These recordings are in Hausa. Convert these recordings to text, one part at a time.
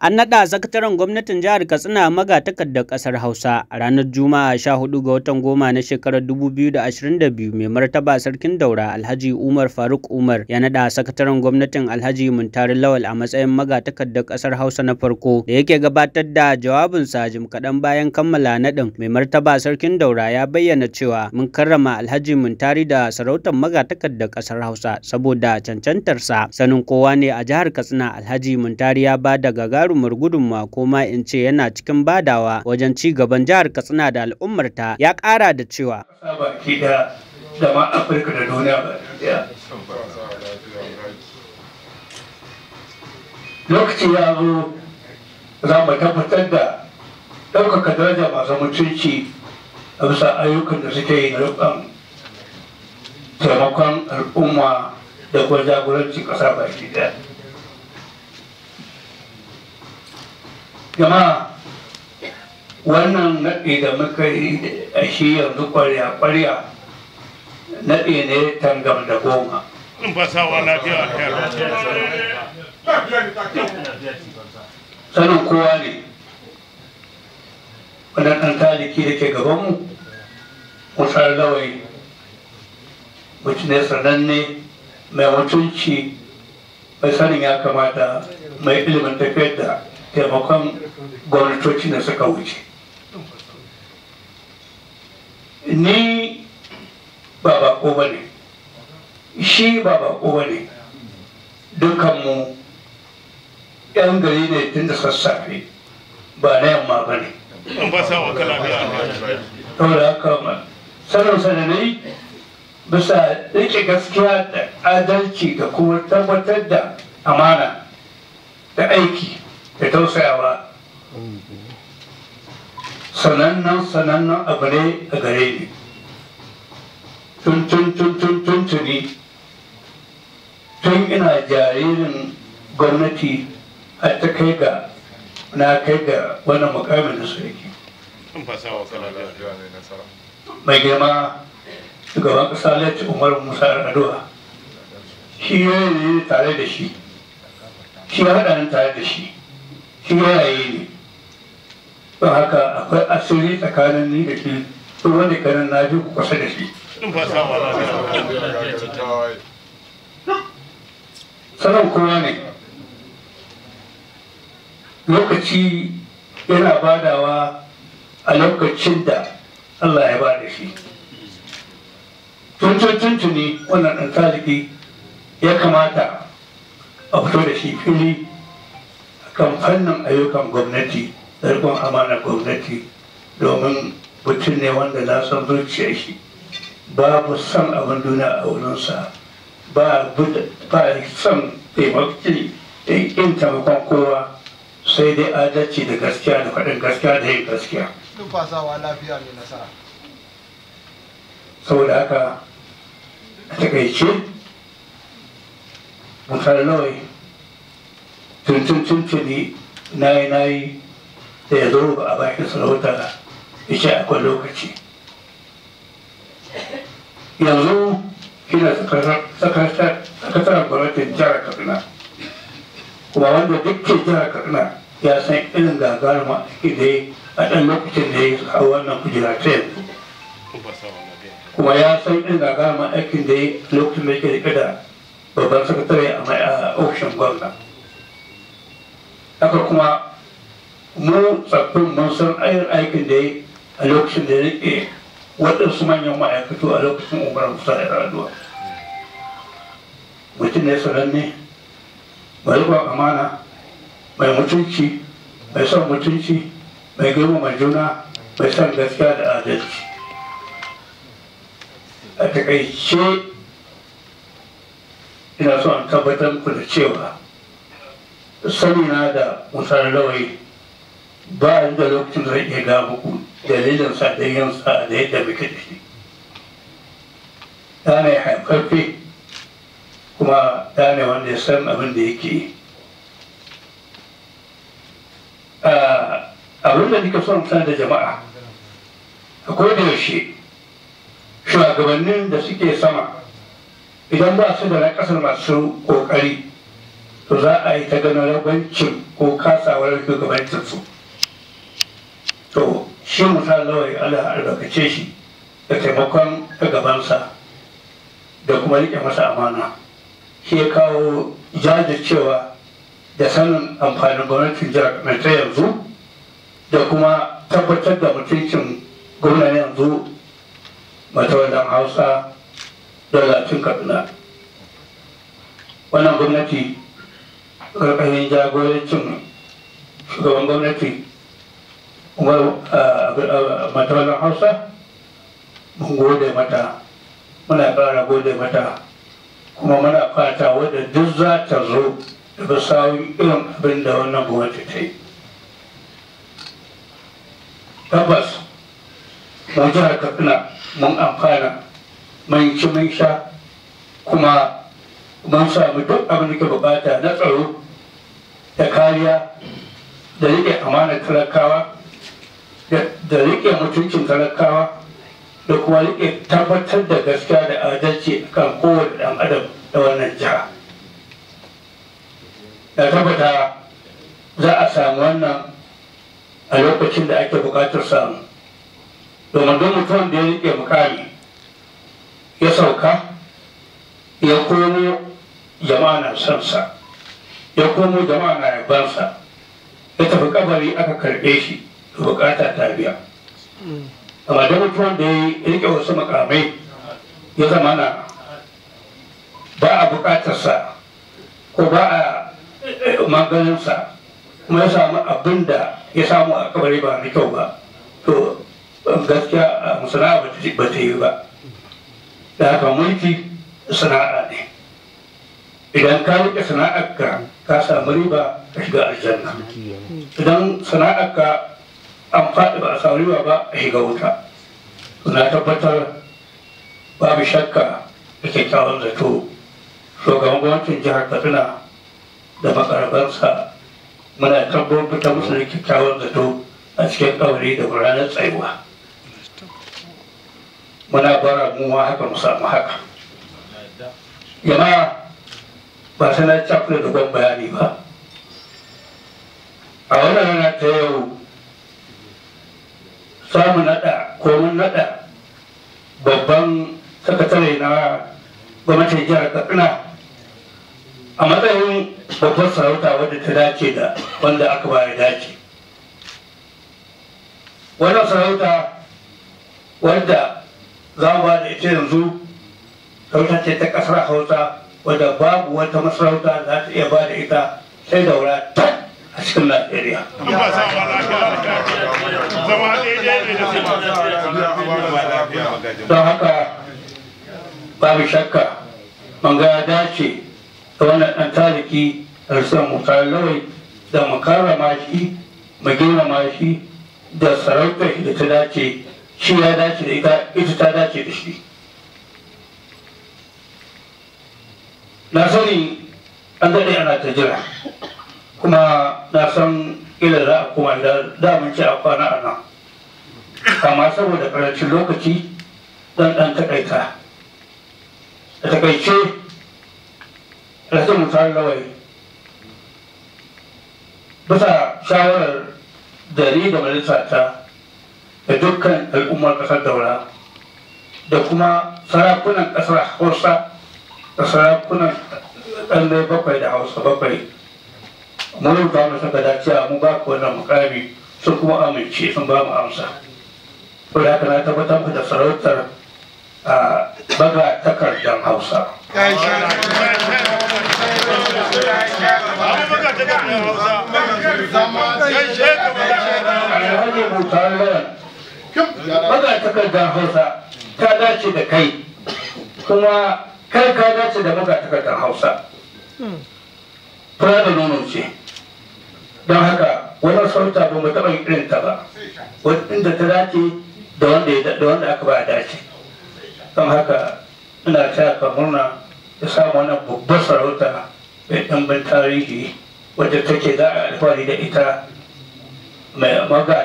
An naɗa zakataren gwamnatin jihar Katsina magatakardar ƙasar Hausa a ranar Juma'a 14 ga watan goma na shekarar 2022 mai martaba sarkin daura Alhaji Umar Faruk Umar ya naɗa sakataren gwamnatin Alhaji Muntari Lawal a matsayin magatakardar ƙasar Hausa na farko da yake gabatar da jawabinsa jim kaɗan bayan kammala naɗin mai martaba sarkin daura ya bayyana cewa mun karrama Alhaji Muntari da sarautar magatakardar ƙasar Hausa saboda cancantarsa sanin kowa ne a jihar Katsina Alhaji Muntari ya ba da gagaru gagarumar gudunmawa ko ma in ce yana cikin badawa wajen ci gaban jihar Katsina da al'ummarta ya ƙara da cewa. da ma Afirka da duniya ba Lokaci ya zo za mu tabbatar da ɗaukaka daraja masu mutunci a bisa ayyukan da suke yi na taimakon al'umma da kuma jagoranci ƙasa baki ɗaya. jama'a wannan naɗi da muka yi a shi yanzu ƙwarya ƙwarya naɗi ne tangam da goma sanin kowa ne ɗan taliki da ke gabanmu musar lawai ne sananne mai mutunci mai sanin ya kamata mai ilimin tafiyar da taimakon gwamnatoci da suka wuce ni ba ko ba ne shi ba ko ba ne dukanmu 'yan gari ne tun da sassafe ba na yamma ba ne saboda haka bisa rike gaskiya da adalci da kuma tabbatar da amana da aiki da tausayawa sanannen sanannen abu ne a gare ni tun tun tun tuni tun ina jaririn gwamnati a ta kai ga na kai ga wani mukamin da sarki mai girma shugaban kasa lati umar musa aduwa shi ya yi tare da shi shi ya haɗa tare da shi kiwaye ne don haka akwai asiri tsakanin ni da shi duk wani kanan na ji ku kusa da shi sanan kowa ne lokaci yana badawa a lokacin da Allah ya bada shi tuntun tuntuni wannan ɗan taliki ya kamata a fito da shi fili kan fannin ayyukan gwamnati rikon amana gwamnati domin mutum ne wanda na san zuciya shi babu son abin duniya a wurinsa ba son taimakon eh, in taimakon kowa sai dai adalci da gaskiya da faɗin gaskiya da yin gaskiya saboda haka a takaice mutane tun tuntuni na yi na yi da ya zo ba a bashi sarauta ya ce akwai lokaci yanzu ina sakataren gwamnatin jihar kaduna kuma wanda dukkan jihar kaduna ya san irin gagarumar aiki da ya a ɗan lokacin da ya hau wannan kujera ta yanzu kuma ya san irin gagarumar aikin da ya lokacin da ya ke da babban sakatare a ofishin gwamna haka kuma mu tsaffin mun san aikin da ya a lokacin da ya rike waɗansu manyan ma'aikatu a lokacin umar musa da raduwa mutum ne sananne mai ba amana mai mutunci mai son mutunci mai mai juna mai son gaskiya da adalci a takaice ina so an tabbatar ku da cewa sanina da musar lawai ba da lokacin da zai ga muku dalilin sa da yin sa da yadda muke da shi Ta ne haifafe kuma ta ne wanda ya san abin da yake abin da nika son sanar da jama'a akwai da yaushe shugabannin da suke sama idan ba su da na masu ƙoƙari to za a yi ta ganin ragwancin ko kasawar shugabancinsu to shi musa lawai ala albarkace shi da taimakon gabansa da kuma rike masa amana shi ya kawo jajircewa da sanin amfanin gwamnatin jihar mai yanzu da kuma tabbatar da mutuncin gwamnan yanzu matawadan hausa da latin kaduna wannan gwamnati ƙarƙashin jagorancin shugaban gwamnati umar matawalin eh, eh, hausa mun gode mata muna ƙara gode mata kuma muna fata wadda duk za ta zo ba sawun irin abin da wannan gwamnati ta yi tabbas mun jihar katsina mun amfana mun ci mun sha kuma mun samu duk abin da ke bukata na tsaro da kariya da rike amanar talakawa da rike mutuncin talakawa da kuma rike tabbatar da gaskiya da adalci kan kowane dan adam da wannan jiha da tabbata za a samu wannan a lokacin da ake bukatar samu domin don mutum da ya rike mukami ya sauka ya komo jama'a na son sa ya komo jama'a na sa. ya tafi kabari aka karɓe shi da bukata ta biya amma da mutuwan da ya rike wasu makamai ya zama na ba a bukatarsa ko ba a eh, maganinsa kuma ya samu abin da ya samu a kabari ba mai kyau ba to gaskiya musana ba ta yi ba da haka mulki sana'a ne idan ka rike sana'arka ka samu riba ka shiga aljanna idan sana'arka an faɗi ba a samu riba ba a shiga wuta na tabbatar babu shakka da kyakkyawan zato shugaban gwamnatin jihar katsina da makarabansa muna tabbatar ta musu da kyakkyawan zato a cikin ƙauri da ranar tsayuwa muna bara mu haka mu haka jama'a ba na cakula dogon bayani ba a wannan rana ta yau samun nada ko mun nada babban sakatare na gwamnatin jihar katsina a matsayin babbar sarauta wadda ta dace da wanda aka ba ya dace wannan sarauta wadda za mu ba da ita yanzu sarauta ce ta kasar hausa wadda babu wata masarauta za ta iya bada ita sai wura ta a cikin Najeriya. Don haka babu shakka manga dace da wannan ɗan tariki da son mutane lawai da mu karrama shi mu girmama shi da sarautar da ta dace shi ya dace da ita ita ta dace da shi. na sani an daɗe ana ta jira kuma na san ilar za a kuma da damun ce a kwana a nan kama saboda karancin lokaci dan ɗan takaita a takaice rasu mutar lawai bisa shawarar dari da majalisa ta da dukkan al'ummar ƙasar daura da kuma sarakunan ƙasar hausa da sarakunan ɗalle bakwai da hausa bakwai mun rubuta musu gada cewa mu ba ku wannan mukami sun kuma amince sun ba mu amsa ko da na tabbatar da sarautar a baga takardar hausa baga takardar hausa ta dace da kai kuma kai ka dace da takardar hausa hmm. fura da nono ce don haka wani sauta ba mu taɓa irin ta ba inda ta dace da wanda aka ba dace don haka ina ta ka murna ta samu wani babbar sarauta mai ɗanbin tarihi wadda take za a alfahari da ita mai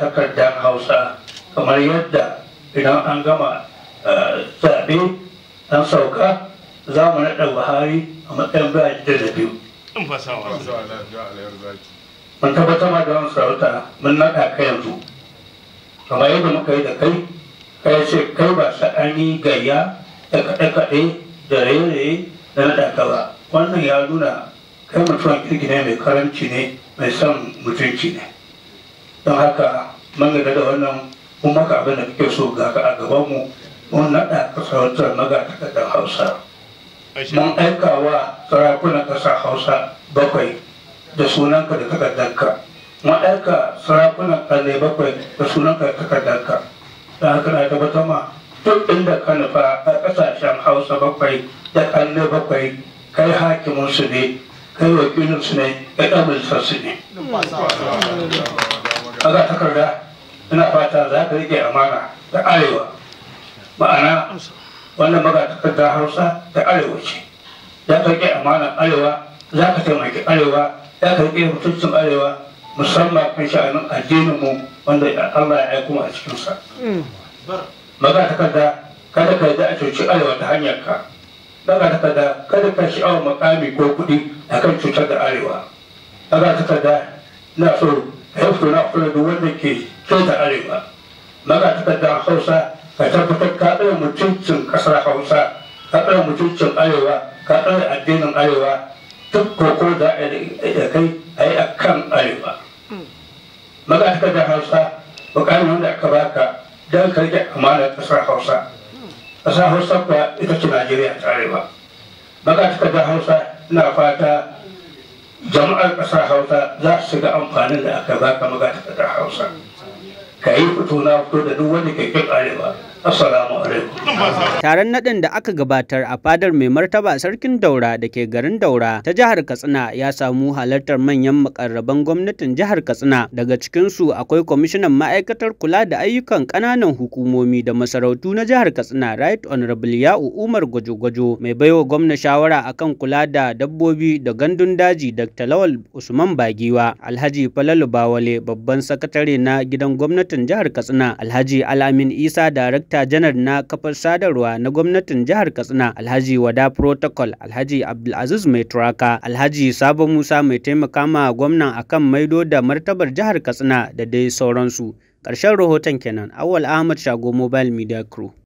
takardar hausa kamar yadda idan an gama eh, zaɓe an sauka za mu naɗa buhari a matsayin bayan da biyu mun tabbatar ma da wani sarauta mun naɗa ka yanzu kamar yadda muka yi da kai kai ce kai ba sa'ani gayya da kaɗe-kaɗe da raye-raye da naɗa ka ba wannan ya nuna kai mutuwan kirki ne mai karanci ne mai son mutunci ne don haka mun gada da wannan kuma maka abin da kake so ga ka, a gabanmu mun naɗa ka sarautar maga hausa aika wa sarakunan ƙasa hausa bakwai da sunanka da takardarka mun aika sarakunan ƙalle bakwai da sunanka da takardarka Da haka na tabbatar ma duk inda ka nufa a ƙasashen hausa bakwai da ƙalle bakwai kai hakimin su ne kai wakilin su ne kai ɗabin su ne a ga takarda ina fata za ka rike amana da arewa ma'ana wannan baka hausa da arewa ce Ya ka ke amanar arewa za ka taimaki arewa za ka ke mutuncin arewa musamman kan sha'anin addinin mu wanda Allah ya yi mu a cikinsa. Baka takarda kada ka yarda a cuci arewa ta hanyar ka. Baka takarda kada ka sha'awar makami ko kuɗi a kan cutar da arewa. Baka na so a yau na kula da wanda ke cuta arewa. Baka takarda hausa ka tabbatar ka ɗaya mutuncin ƙasar hausa ka ɗaya mutuncin arewa ka ɗaya addinin arewa duk koko da a kai a yi a kan arewa magana da hausa bukatar wanda aka baka don ka rike amanar ƙasar hausa ƙasar hausa kuwa ita ce najeriya ta arewa magana kada hausa na fata jama'ar ƙasar hausa za su ga amfanin da aka baka magana kada hausa ka yi fito na fito da duk wanda ke kin arewa Taron naɗin da aka gabatar a fadar mai martaba sarkin Daura da ke garin Daura ta jihar Katsina ya samu halartar manyan makarraban gwamnatin jihar Katsina daga cikinsu akwai kwamishinan ma'aikatar kula da ayyukan ƙananan hukumomi da masarautu na jihar Katsina Right Honorable Ya'u Umar Gwajo-Gwajo mai baiwa gwamna shawara akan kula da dabbobi da gandun daji Dr. Lawal Usman Bagiwa Alhaji Falalu Bawale babban sakatare na gidan gwamnatin jihar Katsina Alhaji Alamin Isa Darakta darakta janar na kafar sadarwa na gwamnatin jihar katsina alhaji wada protocol alhaji abdulaziz mai turaka alhaji sabo musa mai taimaka ma gwamnan akan maido da martabar jihar katsina da dai sauransu ƙarshen rahoton kenan awal ahmad shago mobile media crew